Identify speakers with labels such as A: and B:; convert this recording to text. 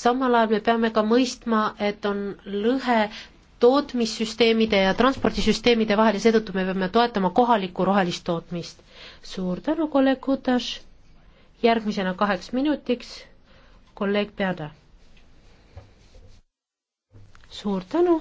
A: samal ajal me peame ka mõistma, et on lõhe tootmissüsteemide ja transpordisüsteemide vahel ja seetõttu me peame toetama kohalikku rohelist tootmist. suur tänu, kolleeg Kutaš. järgmisena kaheks minutiks kolleeg Peada. suur tänu